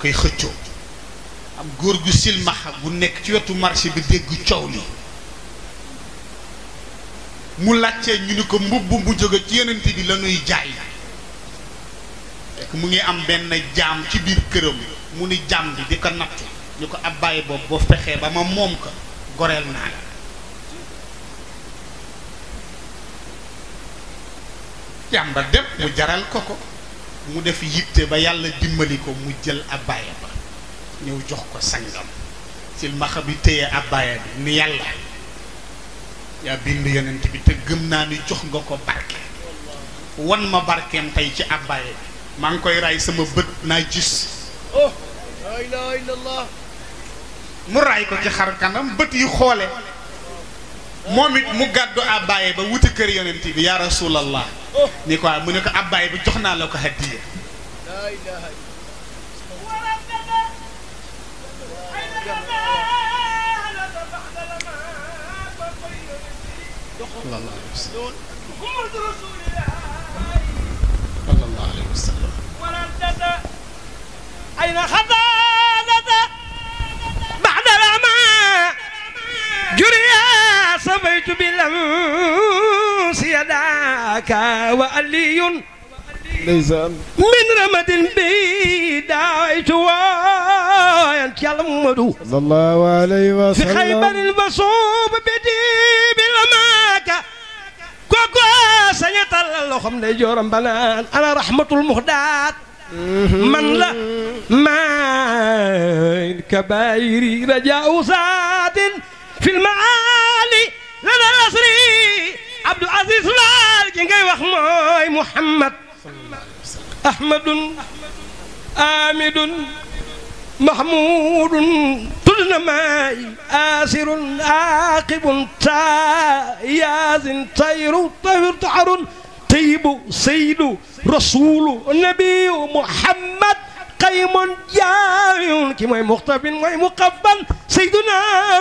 koy xëccoo am góor gu silmaxa bu nekk ci wetu marché bi dégg coow li mu laajtee ñu ni ko mbubb mu jóge ci yenent bi la ñuy jaay fekk mu ngi am benn jaam ci biir këram mu ni jaam bi di ko natt ñu ko ab bàyyi boobu boo fexee ba ma moom ko goreel naa la mu jaral ko ko mu def yitte ba yàlla dimbali ko mu jël abbaaya ba ñëw jox ko sangam silmaxa bi téye abbaaya bi ni yàlla yaa bind yonent bi te gëm naa ni jox nga ko barke wan ma barkeem tey ci abbaaya bi maa ngi koy raay sama bët naa gis oh, mu raay ko ci xar kanam bët yi xoole moom it mu gàddu abbaay ba wuti kër yonent bi yaa rasulallah ni ko mu ne ko abbaay bi jox naa la ko hadiya sallallahu alayhi wa sallam أتيت بالأمس يداك وألي من رمد بي دعيت ويتكلم صلى الله عليه وسلم في خيبر المصوب بدي بالماكة كوكو سنة الله خمنا جورم بنان أنا رحمة المهدات من لا ما كبايري رجاء ساد في المعاد nasri Abdou Aziz laal ki ngay wax mooy Muhammad Ahmadun Amidun Mahmudun tudd na maay Asirun Aqibun Ta Yaasin Tayru Tawir Taharun Tayyibu Sayyidu Rasulu Nabiyu Muhammad qaymun jaamiun ki mooy muxtabin mooy muqaffan Sayyiduna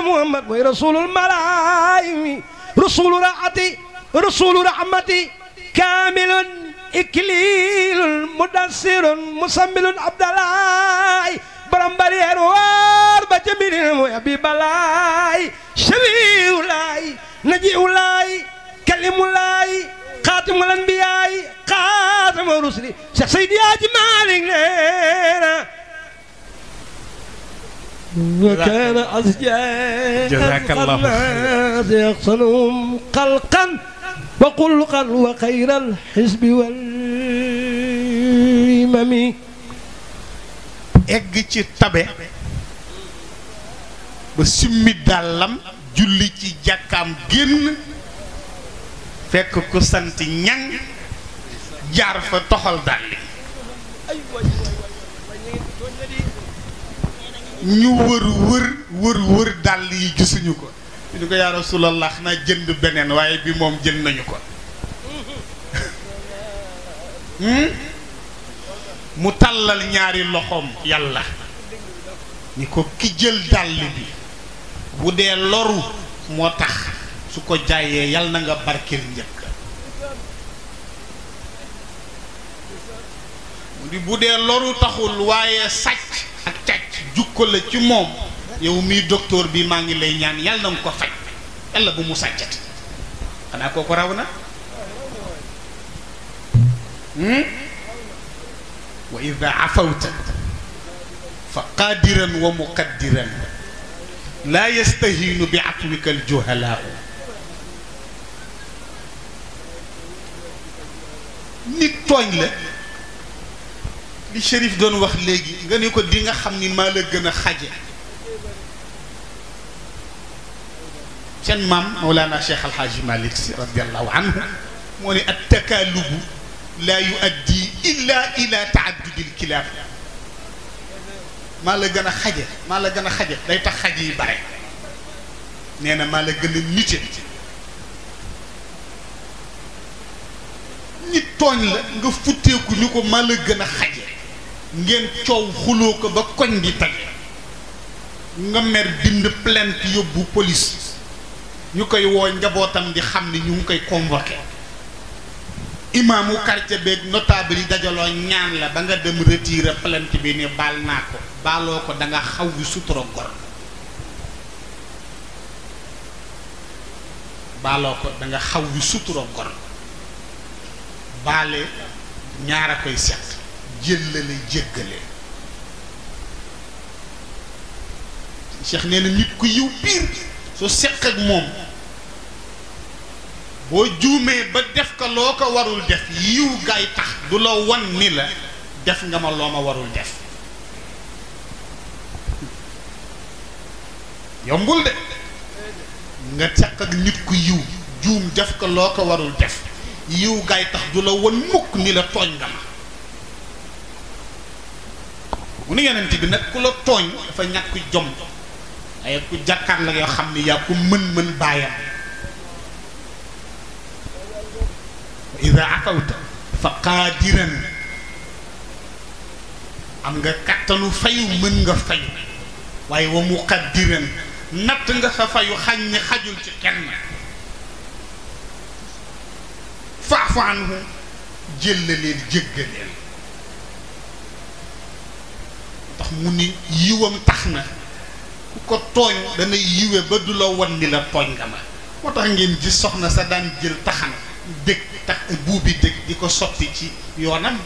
Muhammad mooy rasulul malaayimi رسول راحتي رسول رحمتي كامل إكليل مدسر مسمل عبد الله برم برير وار بجميل ويبي بلاي شبي ولاي نجي ولاي كلم ولاي خاتم الأنبياء خاتم الرسل سيدي أجمالين وكان أزجاج جزاك الله خيرا يغسلهم قلقا وقلقا وخير الحزب والإمم egg ci tabe ba summi dàllam julli ci jàkkaam génn fekk ku sant ñang jaar fa toxal dàlli ñu wër wër wër yi gisuñu ko ñu ko yaa rasulallah xanaa jënd beneen waaye bi moom jën nañu ko hmm? mu tàllal ñaari loxoom yàlla ni ko ki jël dàll bi bu dee loru moo tax su ko jaayee yal na nga barkeel njëkk bu dee loru taxul waaye sàcc ak càcc jukko la ci moom yow mii docteur bi maa ngi lay ñaan yàlla na nga ko faj yàlla bu mu sàccati xanaa kooku raw na hmm? wa ida afawta fa qaadiran wa muqaddiran laa yastahiinu bi afwika aljuhalaau nit tooñ la li Chérif doon wax léegi nga ne ko di nga xam ni maa la gën a xaje seen maam Mawlana Cheikh Alhaaji Malick si radiallahu anhu moo ne at takaalubu laa yuaddi illa ila taaddudil kilaab maa la gën a xaje maa la gën a xaje day tax xaje yi bare nee na maa la gën a nite nit tooñ la nga futteeku ñu ko maa la gën a xaje ngeen coow xuloo ko ba koñ bi tane nga mer bind plainte yóbbu police ñu koy wooy njabootam di xam ni ñu ngi koy convoqué imaamu quartier beeg notable yi dajaloo ñaan la ba nga dem retiré plainte bi ne baal naa ko baaloo ko da nga xaw yu ko da xaw yu sutura gor baale ñaar a koy set jël la lay jéggale nee na nit ku yiw piir soo seq ak moom boo juumee ba def ko loo ko warul def yiw gaay tax du la wan ni la def nga ma loo ma warul def yombul de nga seq ak nit ku yiw juum def ko loo ko warul def yiw gaay tax du la wan mukk ni la tooñ nga ma mu ne yonent bi nag ku la tooñ dafa ñàkk jom ay ku jàkkaar la yoo xam ne yaa ku mën-mën baayam ida afawta fa qaadiran am nga kàttanu fayu mën nga fayu waaye wa muqaddiran natt nga sa fayu xañ ni xajul ci kenn faafu anhu jëllaleel jéggaleel mu ni yiwam tax na ku ko tooñ dana yiwe ba du la wan ni la tooñ nga ma moo tax ngeen gis soxna sa daan jël taxan dëkk tax buubi dëkk di ko sotti ci yoonam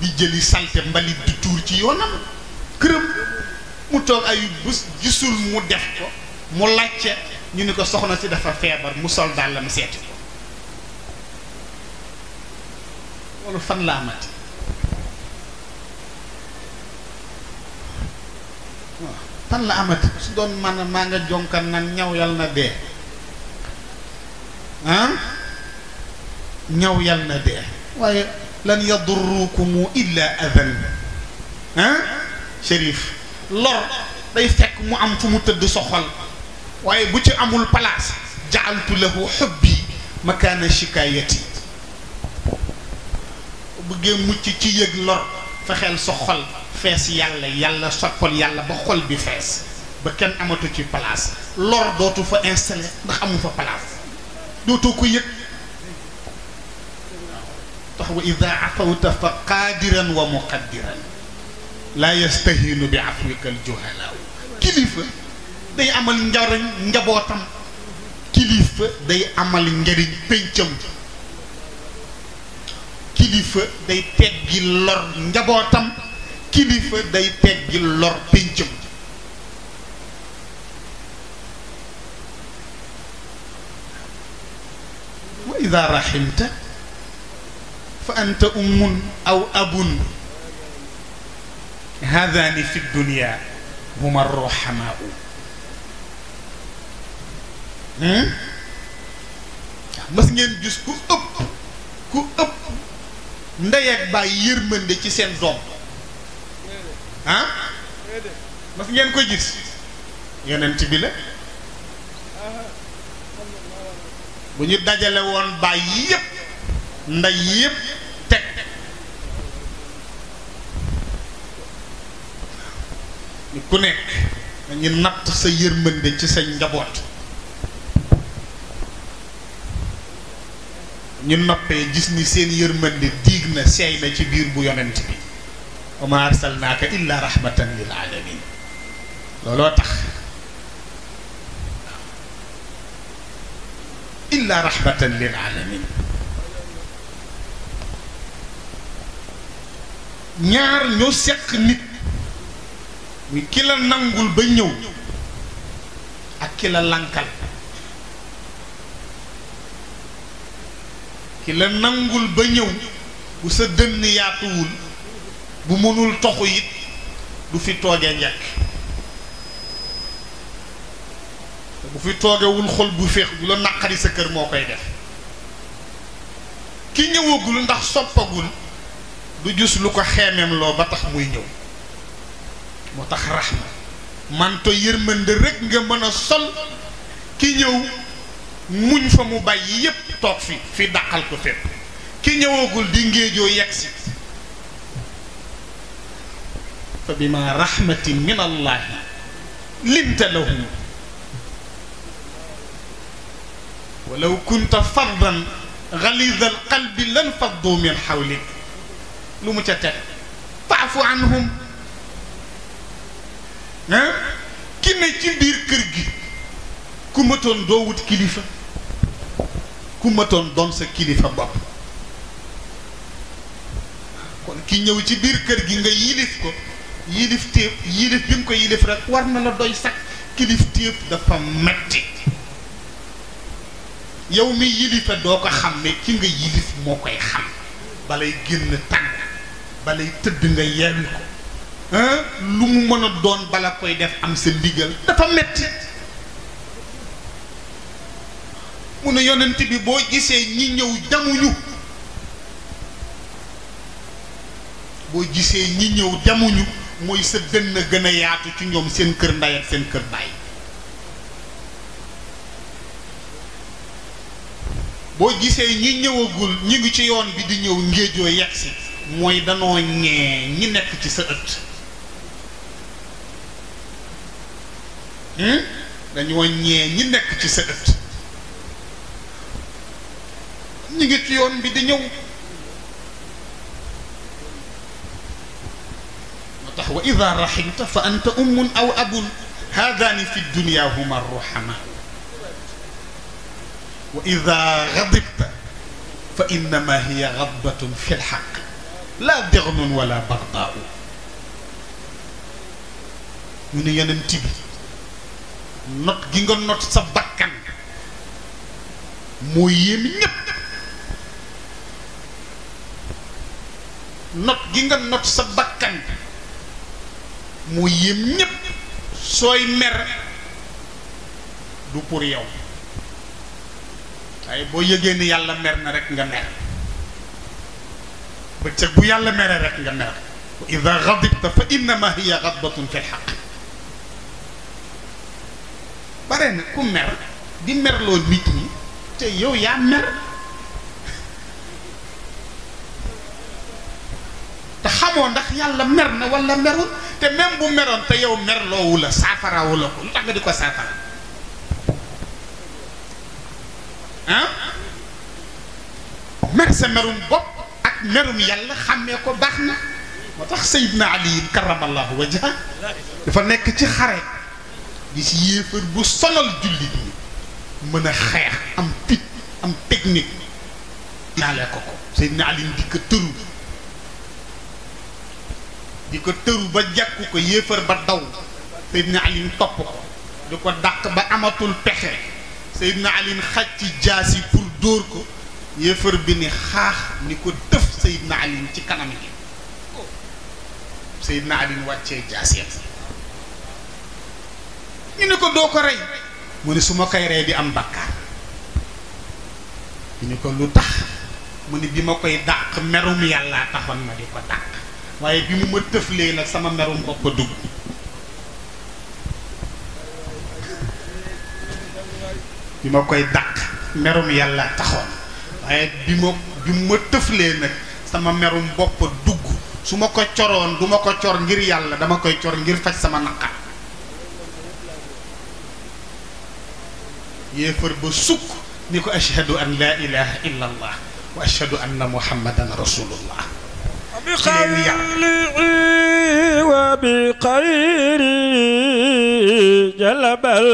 di jëli salte mbalit di tuur ci yoonam këram mu toog ay bés gisul mu def ko mu làcce ñu ni ko soxna si dafa feebar mu sol dàllam seeti ko loolu fan laa mati fan la amati su doon man maa nga jonkan nan ñaw yal na dee ah ñaw yal na dee waaye lan yadurrukumu illa adan ah shérif lor day fekk mu am fu mu tëdd soxal waaye bu ci amul place jaaltu lahu xubbi makaana shikaayati bëggee mucc ci yëg lor fexeel soxal fees yàlla yàlla soppal yàlla ba xol bi fees ba kenn amatu ci palaas lor dootu fa installé ndax amu fa place dootoo ko yëg tax wa ida fa qaadiran wa muqaddiran laa yastahiinu bi afwika al kilifa day amal njariñ njabootam kilifa day amal njariñ péncam kilifa day teggi lor njabootam kilifa day teggi lor péncam wa ida raximta fa anta ummun aw abun haadaani fi dunia huma roxamaa waaw hmm? mas ngeen gis ku ëpp ku ëpp ndey ak bàyyi yërmande ci seen doom ah mas ngeen ko gis yonent bi la bu ñu dajale woon baay yépp nday yépp teg ku nekk dañu natt sa yërmande ci sa njaboot ñu noppee gis ni seen yërmande diig na seey na ci biir bu yonent bi wa ma arsalnaaka illa rahmatan lil alamin looloo tax illa rahmatan lil alamin ñaar ñoo seq nit muy ki nangul ba ñëw ak ki la lankal ki la nangul ba ñëw bu sa dënn yaatuwul bu mënul toxu it du fi tooge ñàkk te bu fi toogewul xol bu féex bu naqari sa kër moo koy def ki ñëwagul ndax soppagul du gis lu ko xeemeem loo ba tax muy ñëw moo tax raxma manto yërmande rek nga mën a sol ki ñëw muñ fa mu bàyyi yépp toog fi fi dàqal ko fépp ki ñëwagul di ngéejoo yegg si fa bima rahmatin min allahi linta lahum walaw kunta fardan غليظ القلب لانفضوا من حولك lu mu ca teg faafu anhum ah ki ne ci biir kër gi ku matoon doo wut kilifa ku matoon doon sa kilifa bopp kon ki ñëw ci biir kër gi nga yilif ko yilif téeb yilif bi mu ko yilif rek war na la doy sax kilif téeb dafa metti yow mi yilife doo ko xam ne ki nga yilif moo koy xam balay génn tànk balay tëdd nga yenn ko lu mu mën a doon bala koy def am sa ndigal dafa metti mu ne yonent bi boo gisee ñi ñëw jamuñu boo gisee ñi ñëw jamuñu mooy sa dënn gën a yaatu ci ñoom seen kër ndey seen kër baay boo gisee ñi ñëwagul ñi ngi ci yoon bi di ñëw ngéejoo yegg si mooy danoo ñee ñi nekk ci sa ëtt hmm? dañoo ñee ñi nekk ci sa ëtt ñi ngi ci yoon bi di ñëw wa ida rahimta fa anta ummun aw abun haadaani fi dunia huma ruhama wa ida gadibta fa innama hiya gadbatun fi lxaq laa dexnun wala bardaau ñu ne yonent bi not gi nga not sa bakkan moo yéem ñépp not gi nga not sa bakkan moo yéem ñépp sooy mer du pour yow waaye boo yëgee ni yàlla mer na rekk nga mer bëccëg bu yàlla mere rek nga mer wa ida gadibta fa innama hiya gadbatun fi lxaq bare na ku mer di merloo nit ñi te yow yaa mer te xamoo ndax yàlla mer na wala merul te même bu meroon te yow merloowu la saafaraawu la ko lu tax nga di ko saafara mer sa merum bopp ak merum yàlla xàmmee ko baax na moo tax Seydina Ali karamallahu wajha dafa nekk ci xare di si bu sonal jullit ñi mën a xeex am picc am technique naale ko ko Seydina Ali di ko di ko tëru ba jàkku ko yéefar ba daw Seydina Alioune topp ko di ko dàq ba amatul pexe Seydina Alioune xaj ci jaas yi pour dóor ko yéefar bi ni xaax ni ko dëf Seydina Alioune ci kanam gi Seydina Alioune wàccee jaas yi ñu ne ko doo ko rey mu ne su ma koy rey di am bakkaar ñu ne ko lu tax mu ne bi ma koy dàq merum yàlla taxoon ma di ko dàq waaye bi mu ma tëflee nag sama merum bopp a dugg bi ma koy dàq merum yàlla taxoon waaye bi ma bi mu ma tëflee nag sama merum bopp dugg su ma ko coroon du ma ko cor ngir yàlla dama koy cor ngir faj sama naqar yéefar ba sukk ni ko ashhadu an laa ilaha illa wa ashhadu anna muhammadan rasulullah ci lay wi yàlla wa bi xayri jalabal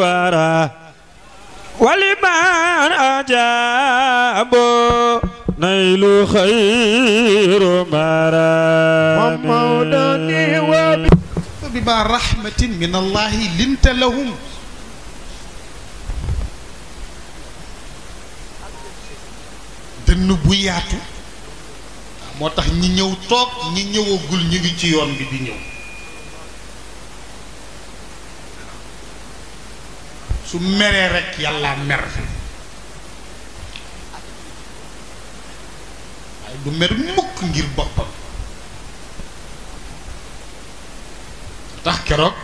wara waliman ajabo naylu xayru mara mawdani wa bi ma rahmatin min allahi linta lahum dënn bu yaatu moo tax ñi ñëw toog ñi ñëwagul ñu ci yoon bi di ñëw su meree rekk yàlla mer fi waaye du mer mukk ngir boppam tax keroog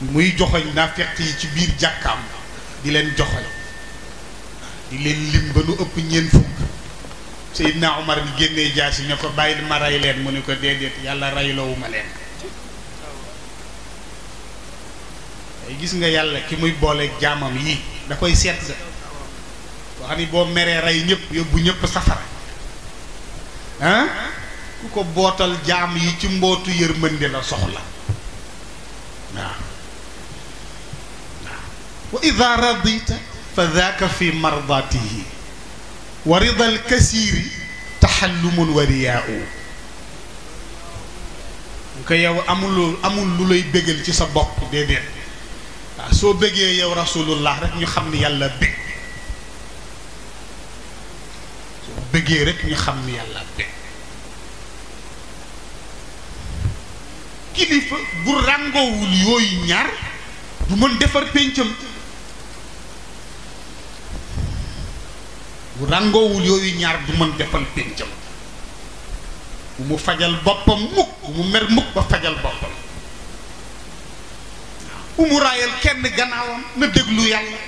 muy joxoñ naafeq yi ci biir jàkkaam di leen joxoñ di leen lim ba nu ëpp ñeent fukk Seydina Omar bi génnee jaasi ne ko bàyyil ma rey leen mu ne ko déedéet yàlla reyloowu ma leen tey gis nga yàlla ki muy booleeg jaamam yi da koy seet da boo xam ni ñëpp yóbbu ñëpp safara ku ko bootal jaam yi ci mbootu yërmande la soxla waaw waaw wa ida radita fa daaka fi mardatihi wa rida alkasiiri taxallumun wa riyaau ko yow amul amul lu lay bégal ci sa bopp déedéet waaw soo bëggee yow rasulullah rek ñu xam ni yàlla bég soo bëggee rek ñu xam ni yàlla bég kilifa bu ràngoowul yooyu ñaar du mën defar péncam bu ràngoowul yooyu ñaar du mën defal péncam bu mu fajal boppam mukk bu mu mer mukk ba fajal boppam bu mu raayal kenn gannaawam na déglu yàlla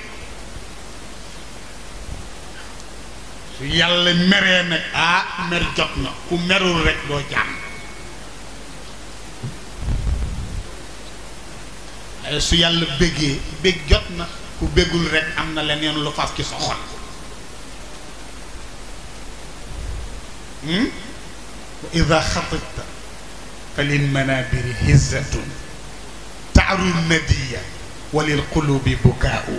su yàlla meree nag ah mer jot na ku merul rek doo jàmm waaye su yàlla béggee bég jot na ku béggul rek am na leneen lu fas ci sa xol wa ida xatibta fa lil manabiri hizzatun taaru nadiya wa lil qulubi bukaau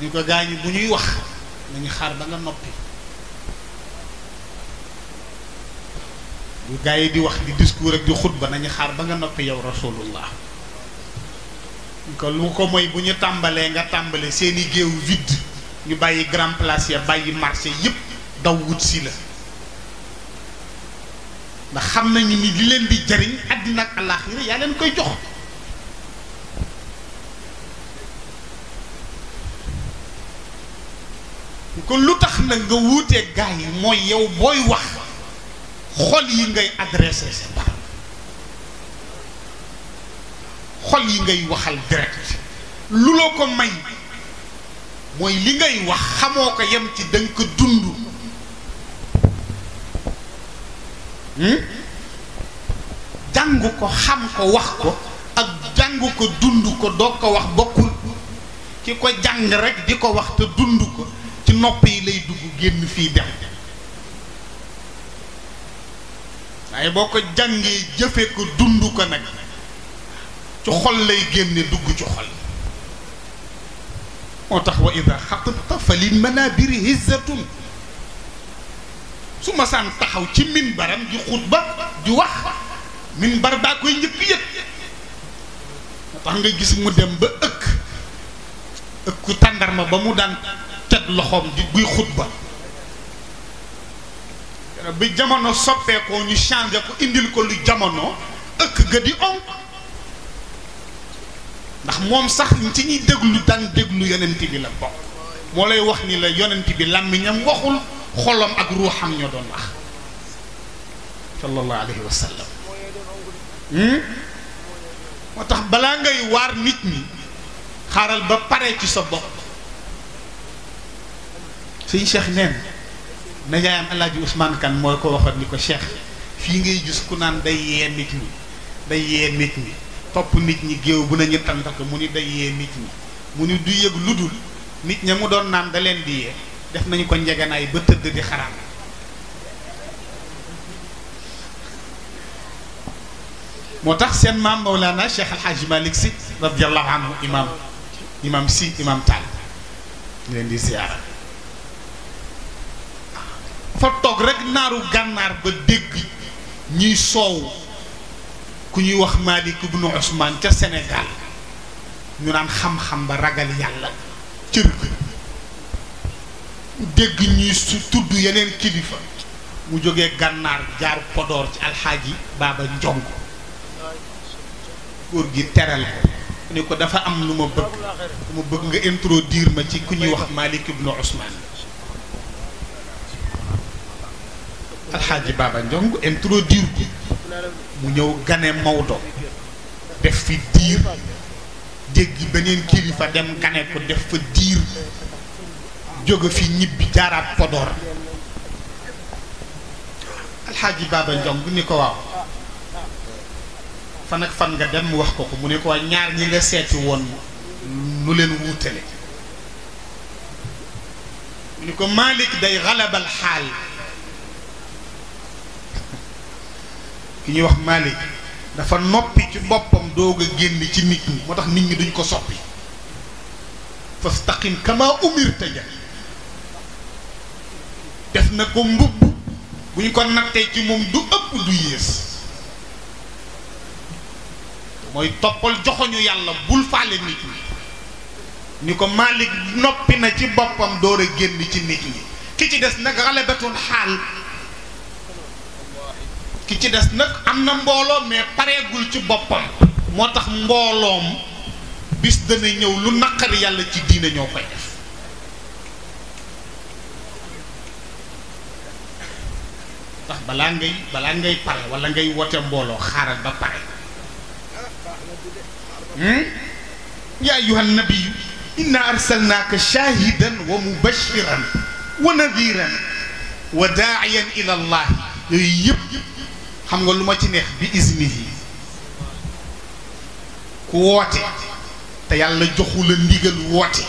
ñu ko gaañu bu ñuy wax nañu xaar ba nga noppi bu gaa yi di wax di discours ak di xutba nañu xaar ba nga noppi yow rasulullah kon lu ko moy bu ñu tàmbalee nga tàmbale seeni i géew vide ñu bàyyi grand place ya bàyyi marché yépp daw wut si la ndax xam nañu ni li leen di jariñ àddina ak àllaaxira yaa leen koy jox kon lu tax nag nga wuutee gaa yi mooy yow booy wax xol yi ngay adressé sa xol yi ngay waxal direct lu la ko may mooy li ngay wax xamoo ko yem ci danga ko dund hmm? jàng ko xam ko wax ko ak jàng ko dund ko doog ko wax bokkul ki ko jàng rekk di ko wax te dund ko ci nopp yi lay dugg génn fii dem waaye boo ko jàngee jëfe ko dund ko nag ci xol lay génne dugg ci xol moo tax wa ida xatabta fa li manabiri hizzatun su ma taxaw ci min baram di xutba di wax min bar baa koy njëkk yëg moo tax nga gis mu dem ba ëkk ëkku tàndarma ba mu daan teg loxoom di buy xutba bi jamono soppeekoo ñu change ko indil ko lu jamono ëkk ga di onk ndax moom sax ci ñuy déglu daan déglu yonent bi la bokk moo lay wax ni la yonent bi làmmiñam waxul xolam ak ruuxam ñoo doon wax sallallahu alayhi wa sallam hmm? moo tax balaa ngay waar nit ñi xaaral ba pare ci sa bopp suñ cheikh neen najaayam alaaji Ousmane Kan mooy ko waxoon ni ko seex fii ngay gis ku naan day yee nit mi day yee nit ñi topp nit ñi géew bu nañu tantal ko mu ni day yee nit ñi mu ni du yëg lu dul nit ña mu doon naan da leen di yee def nañu ko njeganaay ba tëdd di xaraam moo tax seen maam Mawlana Cheikh El Hadj Malick Sy radiyallahu anhu imam imam leen di siyaara fa toog rek naaru gànnaar ba dégg ñuy soow ku ñuy wax Malik ibnu Usmaan ca Sénégal ñu naan xam-xam ba ragal yàlla cër dégg ñuy su tudd yeneen kilifa mu jóge gànnaar jaar Podor ci alxaaji Baaba Njong góor gi teral ko ne ko dafa am lu ma bëgg mu bëgg nga introduire ma ci ku ñuy wax Malik ibnu Usmaan alxaaji Baaba Njong introduire ko mu ñëw gane Maodo def fi diir dégg beneen kilifa dem gane ko def fa diir jóge fi ñibbi jaaraat Podor alxaaji Baba Njong ni ko waaw fan ak fan nga dem wax ko ko mu ne ko ñaar ñi nga seeti woon nu leen wuutale ni ko Malick day xalabal xaal ki ñuy wax Malik dafa noppi ci boppam doog a génn ci nit ñi moo tax nit ñi duñ ko soppi fastaqim kama umirta ja def na ko mbubb bu ñu ko nattee ci moom du ëpp du yées mooy toppal joxoñu yàlla bul faale nit ñi ni ko Malik noppi na ci boppam door a génn ci nit ñi ki ci des nag xale betul xaal ki ci des nag am na mbooloo mais pareegul ci boppam moo tax mbooloom bis dana ñëw lu naqari yàlla ci diine ñoo koy def ndax balaa ngay balaa ngay pare wala ngay wote mbooloo xaaral ba pare hmm? yaa ayyuhan nabiyyu inna arsalnaaka shaahidan wa mubashiran wa nadiran wa daa'iyan ila allah yëpp xam nga lu ma ci neex bi isnihi ku woote te yàlla joxu la ndigal woote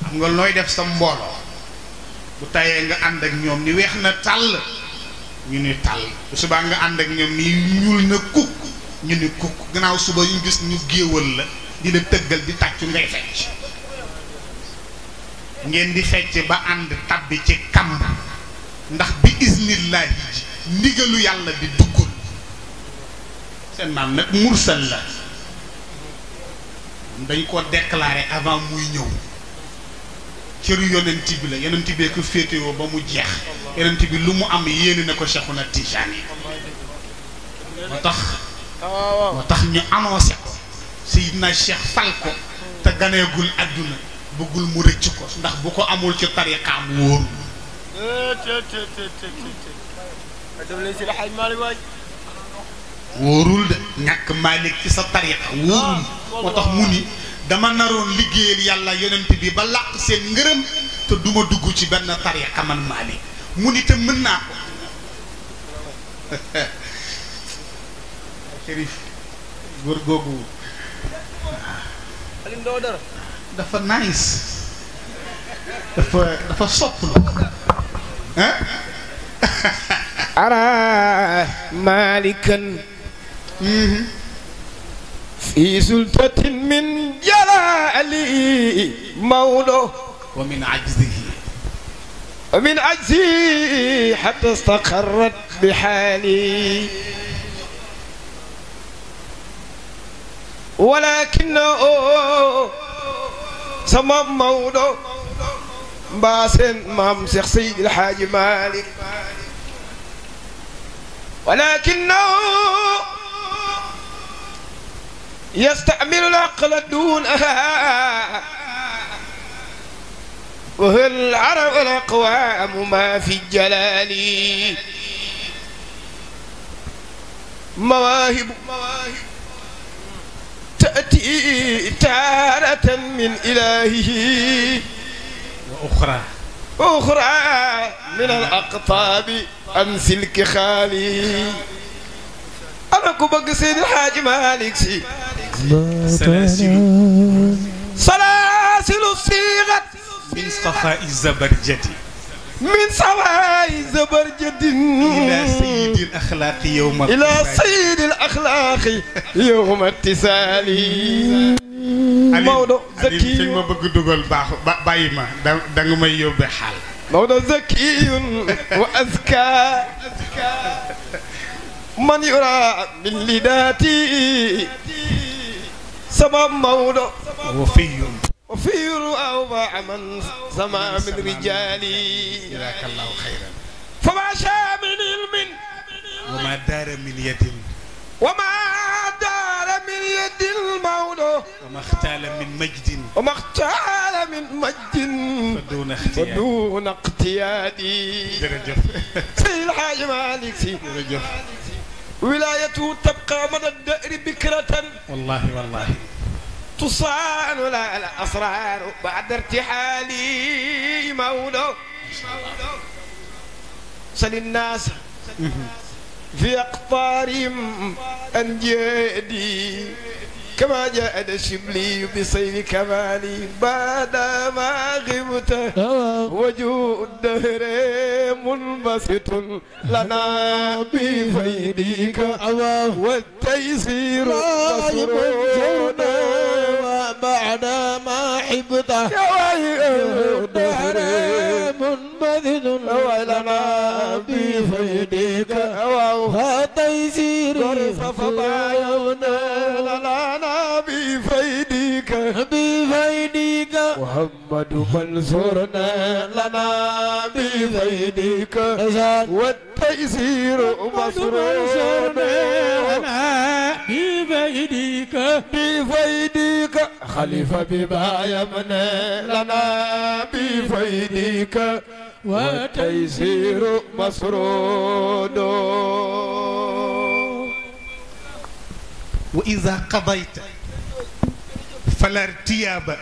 xam nga looy def sa mbooloo bu tayee nga ànd ak ñoom ni weex na tàll ñu ni tàll bu subaa nga ànd ak ñoom ni ñuul na kukk ñu ni kukk gannaaw suba ñu gis ñu géewal la dina tëggal di tàccu ngay fecc ngeen di fecc ba ànd tàbbi ci kamb ndax bi isnillahi ndigalu yàlla bi duggul seen maam nag mursal la dañ ko déclarer avant muy ñëw cëru yonent bi la yonent bee ko féetewoo ba mu jeex yonent bi lu mu am yéene na ko Cheikhuna Tijaani moo tax moo tax ñu annoncé ko Seydina Cheikh fal ko te ganeegul àdduna bëggul mu rëcc ko ndax bu ko amul ci tariqaam wóoru eh, wóorul de ñàkk Malick ci sa tariqa wóorul ah, moo tax mu ni dama naroon liggéeyal yàlla yonent bi ba làq seen ngërëm te duma dugg ci benn tariqa man Malick mu ni te mën naa ko Chérif dafa nice dafa dafa sopp la أرى مالكا في سلطة من جلالي مولو ومن عجزه ومن عجزي حتى استقرت بحالي ولكنه سما مولو باسن مام شيخ سيد الحاج مالك ولكنه يستعمل العقل دونها وهو العرب الأقوام ما في الجلال مواهب تأتي تارة من إلهه وأخرى أخرى من الأقطاب أم سلك خالي أنا كبك سيد الحاج مالك سي سلاسل الصيغة من صفاء الزبرجدي min sawaay zëbër jëddin ila sayidil axlaaqi yowma ila sayidil axlaaqi yowma tisaali Maodo Zaki wa azka man yura min lidaati sama Maodo وفي الأوضاع من سما من رجالي جزاك الله خيرا فما شاء من علم وما دار من يد وما دار من يد المولى وما اختال من مجد وما اختال من مجد فدون اختيار فدون اقتيادي سيد الحاج مالك سيد ولايته تبقى مدى الدهر بكرة والله والله تصان لا الأسرار بعد ارتحالي مولو سل الناس في أقطارهم أن جادي كما جاء شبلي بسير كمالي بعد ما غبت وجوه الدهر منبسط لنا بفيدك والتيسير مسرور أبدا ما حبته دهر منبذل ولنا بفيدك وتيسير ففضايونا لنا بفيدك بفيدك محمد منصورنا لنا بفيدك والتيسير مسرورنا بفيدك بفيدك xalifa bi baayam ne lana bi faydika wa taysiru masrudo wa ida qadayta fala irtiyaba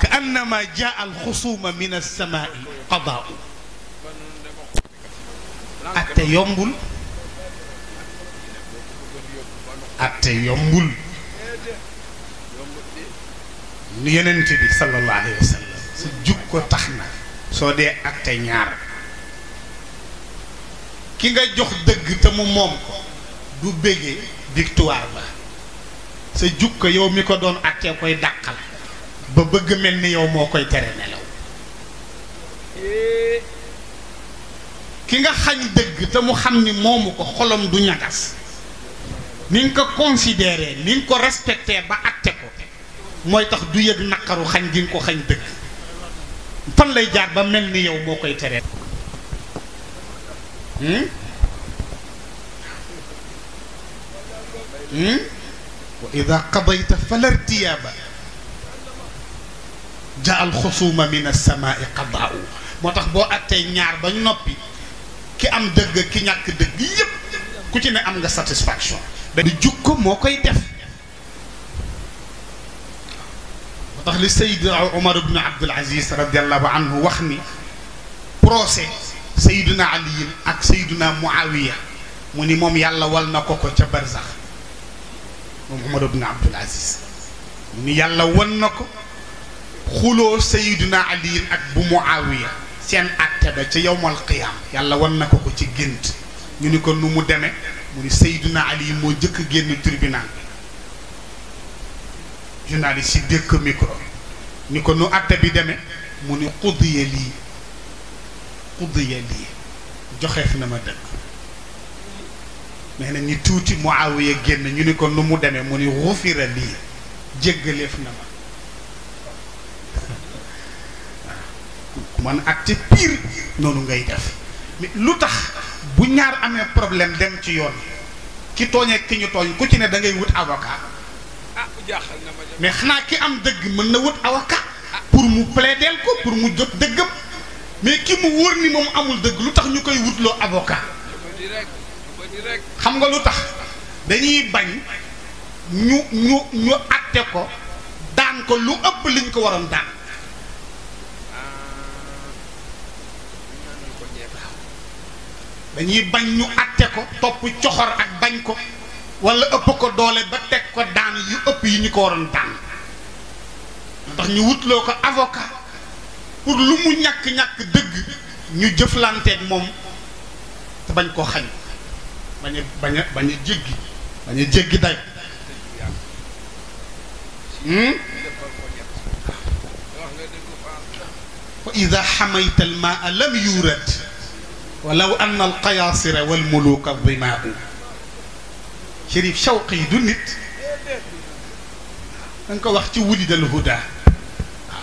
ka annama jaa alxusuma min alsamai qadaa atte yombul atte yombul nu yenent bi sallallahu sa jug ko tax na soo dee atte ñaar ki nga jox dëgg te mu moom ko du bëggee victoire ba sa jug ko yow mi ko doon attee koy dàqal ba bëgg mel ni yow moo koy tere nelaw ki nga xañ dëgg te mu xam ni moomu ko xolom du ñagas ni nga ko considéré ni nga ko respecté ba atte ko mooy tax du yëg naqaru xañ gi ko xañ dëkk fan lay jaar ba mel ni yow moo koy teree hmm? Hmm? wa ida qadayta fala irtiyaaba ja al xusuuma min alsamaai qadaa u moo tax boo attee ñaar ba noppi ki am dëgg ki ñàkk dëgg yépp ku ci ne am nga satisfaction da di jukko moo koy def ndax li Seydina Omar ibn Abdul Aziz radiallahu anhu wax ni procès Seydina Ali ak Seydina Muawiya mu ni moom yàlla wal na ko ko ca barzax moom Omar ibn Abdul Aziz mu ni yàlla wan na ko xuloo Seydina Ali ak bu Muawiya seen àtte ba ca yowmal qiyaam yàlla wan na ko ko ci gént ñu ni ko nu mu demee mu ni Seydina Ali moo jëkk génn tribunal journaliste yi dékk micro ni ko nu àtte bi deme mu ni xuddiya lii xuddiya lii joxeef na ma dëkk nee na ni tuuti Muawiya génn ñu ni ko nu mu demee mu ni xufira lii jéggaleef na ma ku mën àtte pire noonu ngay def lu tax bu ñaar amee problème dem ci yoon ki tooñee ki ñu tooñ ku ci ne da ngay wut avocat mais xanaa ki am dëgg mën na wut avocat pour mu plaideel ko pour mu jot dëggam mais ki mu wóor ni moom amul dëgg lu tax ñu koy wutloo avocat xam nga lu tax dañuy bañ ñu ñu ñu àtte ko daan ko lu ëpp liñ ko waroon daan ah, dañuy bañ ñu àtte ko topp coxor ak bañ ko wala ëpp ko doole ba teg ko daan yu ëpp yi ñu ko waroon daan ndax ñu wutloo ko avocat pour lu mu ñàkk-ñàkk dëgg ñu jëflanteeg moom te bañ koo xañ bañ a bañ a bañ a jéggi bañ a jéggi day wa hmm? ida xamayta almaa lam yurad walaw anna alqayaasira walmuluuka dimaau Chérif Shawqi yi du nit da nga ko wax ci wulidal huda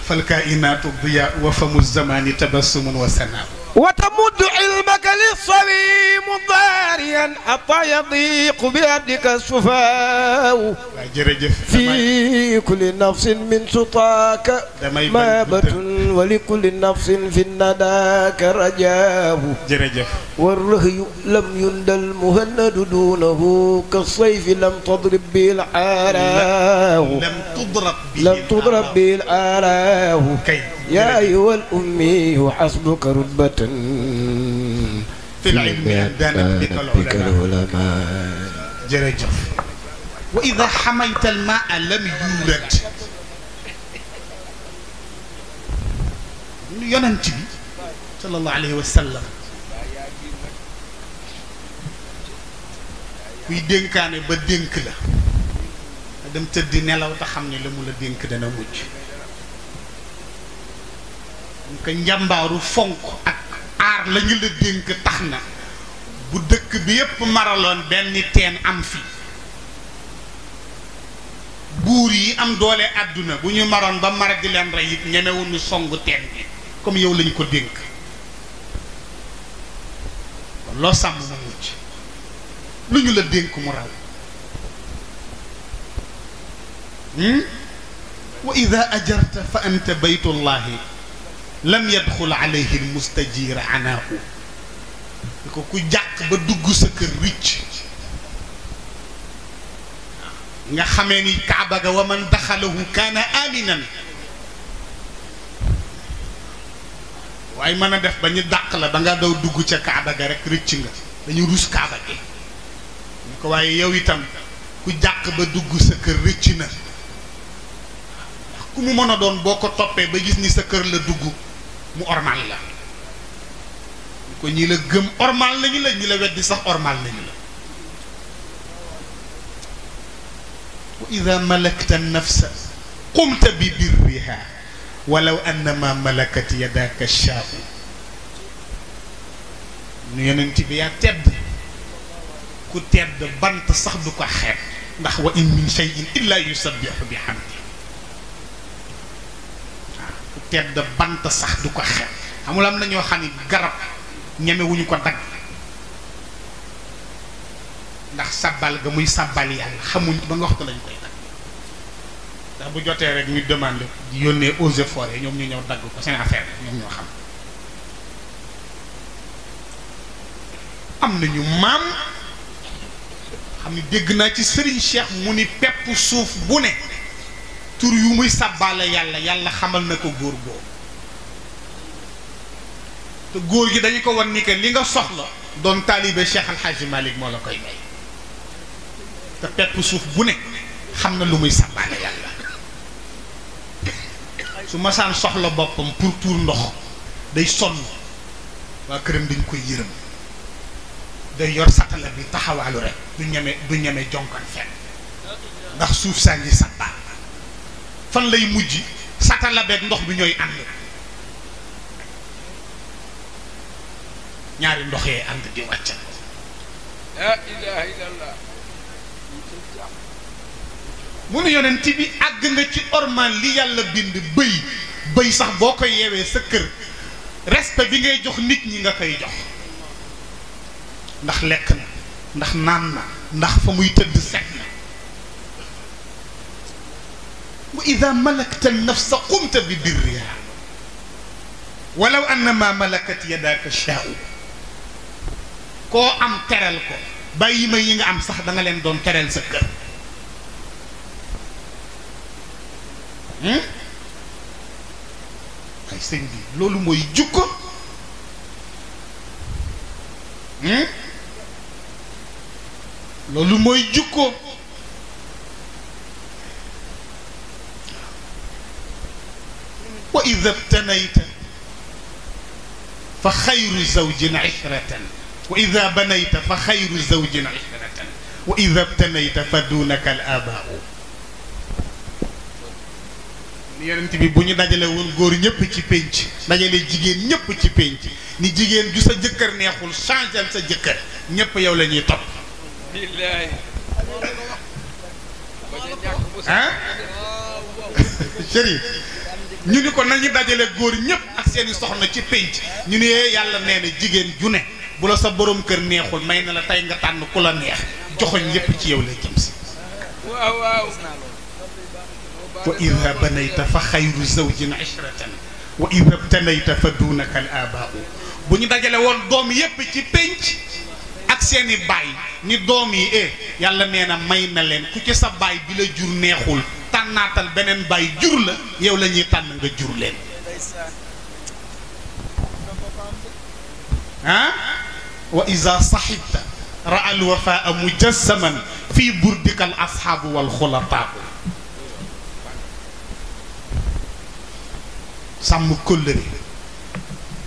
فالكائنات الضياء وفم الزمان تبسم وسناء وتمد علمك للصليم ضاريا حتى يضيق بيدك السفاء في كل نفس من سطاك ما بتن wali kulli nafsin fi nadaka rajaahu jërëjëf war rëhyu lam yundal muhannadu duunahu ka sayfi lam tadrib bil aaraahu lam tudrab bil aaraahu yaa ayyuhal ummiyu xasbuka rutbatan fi rabbika al-ulamaa jërëjëf wa idaa xamayta al-maa lam yuurad yonent bi sallallahu alayhi kuy dénkaane ba dénk la nga dem tëddi nelaw te xam ne la mu la dénk dana mujj mu njàmbaaru fonk ak aar la ñu la dénk tax na bu dëkk bi yépp maraloon benn teen am fi buur yi am doole àdduna bu ñu maroon ba mar di leen rey it ñemewuñu songu teen comme yow lañu ko dénk kon loo sàmm mu mucc lu ñu la dénk mu raw hmm? wa ida ajarta fa anta baytullahi lam yadxul alayhi almustajir anaahu ni ko ku jàq ba dugg sa kër ricc nga xamee ni kaaba ga wa man daxalahu kaana aminan waaye mën a def ba ñu dàq la da nga daw dugg ca kaaba ga rek rëcc nga dañu rus kaaba gi ñu ko waaye yow itam ku jàq ba dugg sa kër rëcc na ku mu mën a doon boo ko toppee ba gis ni sa kër la dugg mu ormal la ñu ko ñi la gëm ormal nañu la ñi la weddi sax ormal nañu la wa ida malakta nafsa qumta bi birriha walaw annama malakat yadaka shaabu nu yonent bi yaa tedd ku tedd bant sax du ko xeeb ndax wa in min cheyin illa yusabixu bi xamdi bant sax du ko xeeb xamul am na ñoo xam ne garab ñemewuñu ko dagg ndax sàbbal ga muy sàbbal yàlla xamuñ ba nga waxtu lañ koy dagg ndax bu jotee rek ñu demande yónnee eaux et forêt ñoom ñu ñëw dagg ko seen affaire la ñoom ñoo xam am nañu maam xam ni dégg naa ci Serigne Cheikh mu ni pepp suuf bu ne tur yu muy sàbbaale yàlla yàlla xamal na ko góor boobu te góor gi dañu ko wan ni que li nga soxla doon taalibe Cheikh Al Hadji Malick moo la koy may te pepp suuf bu ne xam na lu muy sàbbaale yàlla su masaan soxla boppam pour tour ndox day sonn waa këram dañ koy yërëm day yor satala bi taxawaalu rek du ñeme du ñeme jonkan fenn ndax suuf saa ngi sabbaa fan lay mujj satala ndox bi ñooy ànd ñaari ndox yee ànd di wàcc mu nu yonent bi àgg nga ci orman li yàlla bind bëy bëy sax boo ko yewee sa kër respect bi ngay jox nit ñi nga koy jox ndax lekk na ndax naan na ndax fa muy tëdd set na wa ida malakta nafsa qumta bi birriha walaw annama malakat yadaka shaa'u koo am teral ko bàyyi ma yi nga am sax danga leen doon teral sa kër ay sëñ bi loolu mooy jukko loolu mooy jukko wa ida btanayta fa xayru zawjin ixratan wa ida banayta fa xayru zawjin ixratan wa ida btanayta fa dunaka al abaau ni yonent bi bu ñu dajalee woon góor ñëpp ci pénc dajale jigéen ñëpp ci pénc ni jigéen ju sa jëkkër neexul changel sa jëkkër ñëpp yow lañuy ñuy topp ah yi ñu ni ko nañu dajale góor ñëpp ak seeni soxna ci pénc ñu ne eh, yàlla nee na jigéen ju ne bu la sa boroom kër neexul may na la tey nga tànn ku la neex joxoñ yépp ci yow lay jëm si wa ida banayta fa xayru zawjin ashratan wa ida btanayta fa duunaka al abaau bu ñu dajale woon doom yépp ci pénc ak seeni baay ni doom yi eh yàlla nee na may na leen ku ci sa baay bi la jur neexul tànnaatal beneen baay jur la yow la ñuy tànn nga jur leen ah wa ida saxibta ra al wafaa mujassaman fii burdika al asxaabu wal xulataa sàmm kóllëre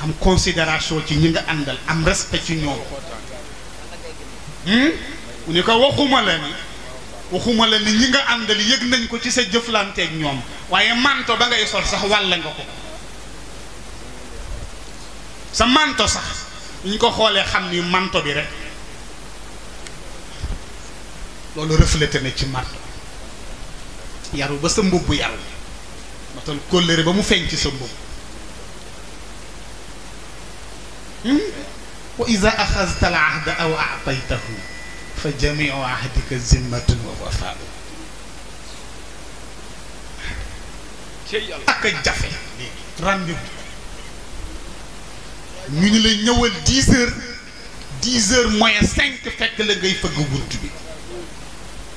am considération ci ñi nga àndal am respect ci ñoom hmm? mu ni ko waxuma la ni waxuma la ni ñi nga àndal yëg nañ ko ci sa jëflanteeg ñoom waaye manto ba sol sax wàlla nga ko sa manto sax ñu ko xoolee xam ni manto bi rek loolu reflété na ci manto yaru ba sa mbubb yaru matal kóllëre ba mu feeñ ci sa mbubb hmm? wa ida axasta al aw ataytahu fa jamiu ahdika zimmatun wa wafaau ak a jafe rendez-vous ñu ngi lay ñëwal dix heures dix heures moins fekk la ngay fëgg bunt bi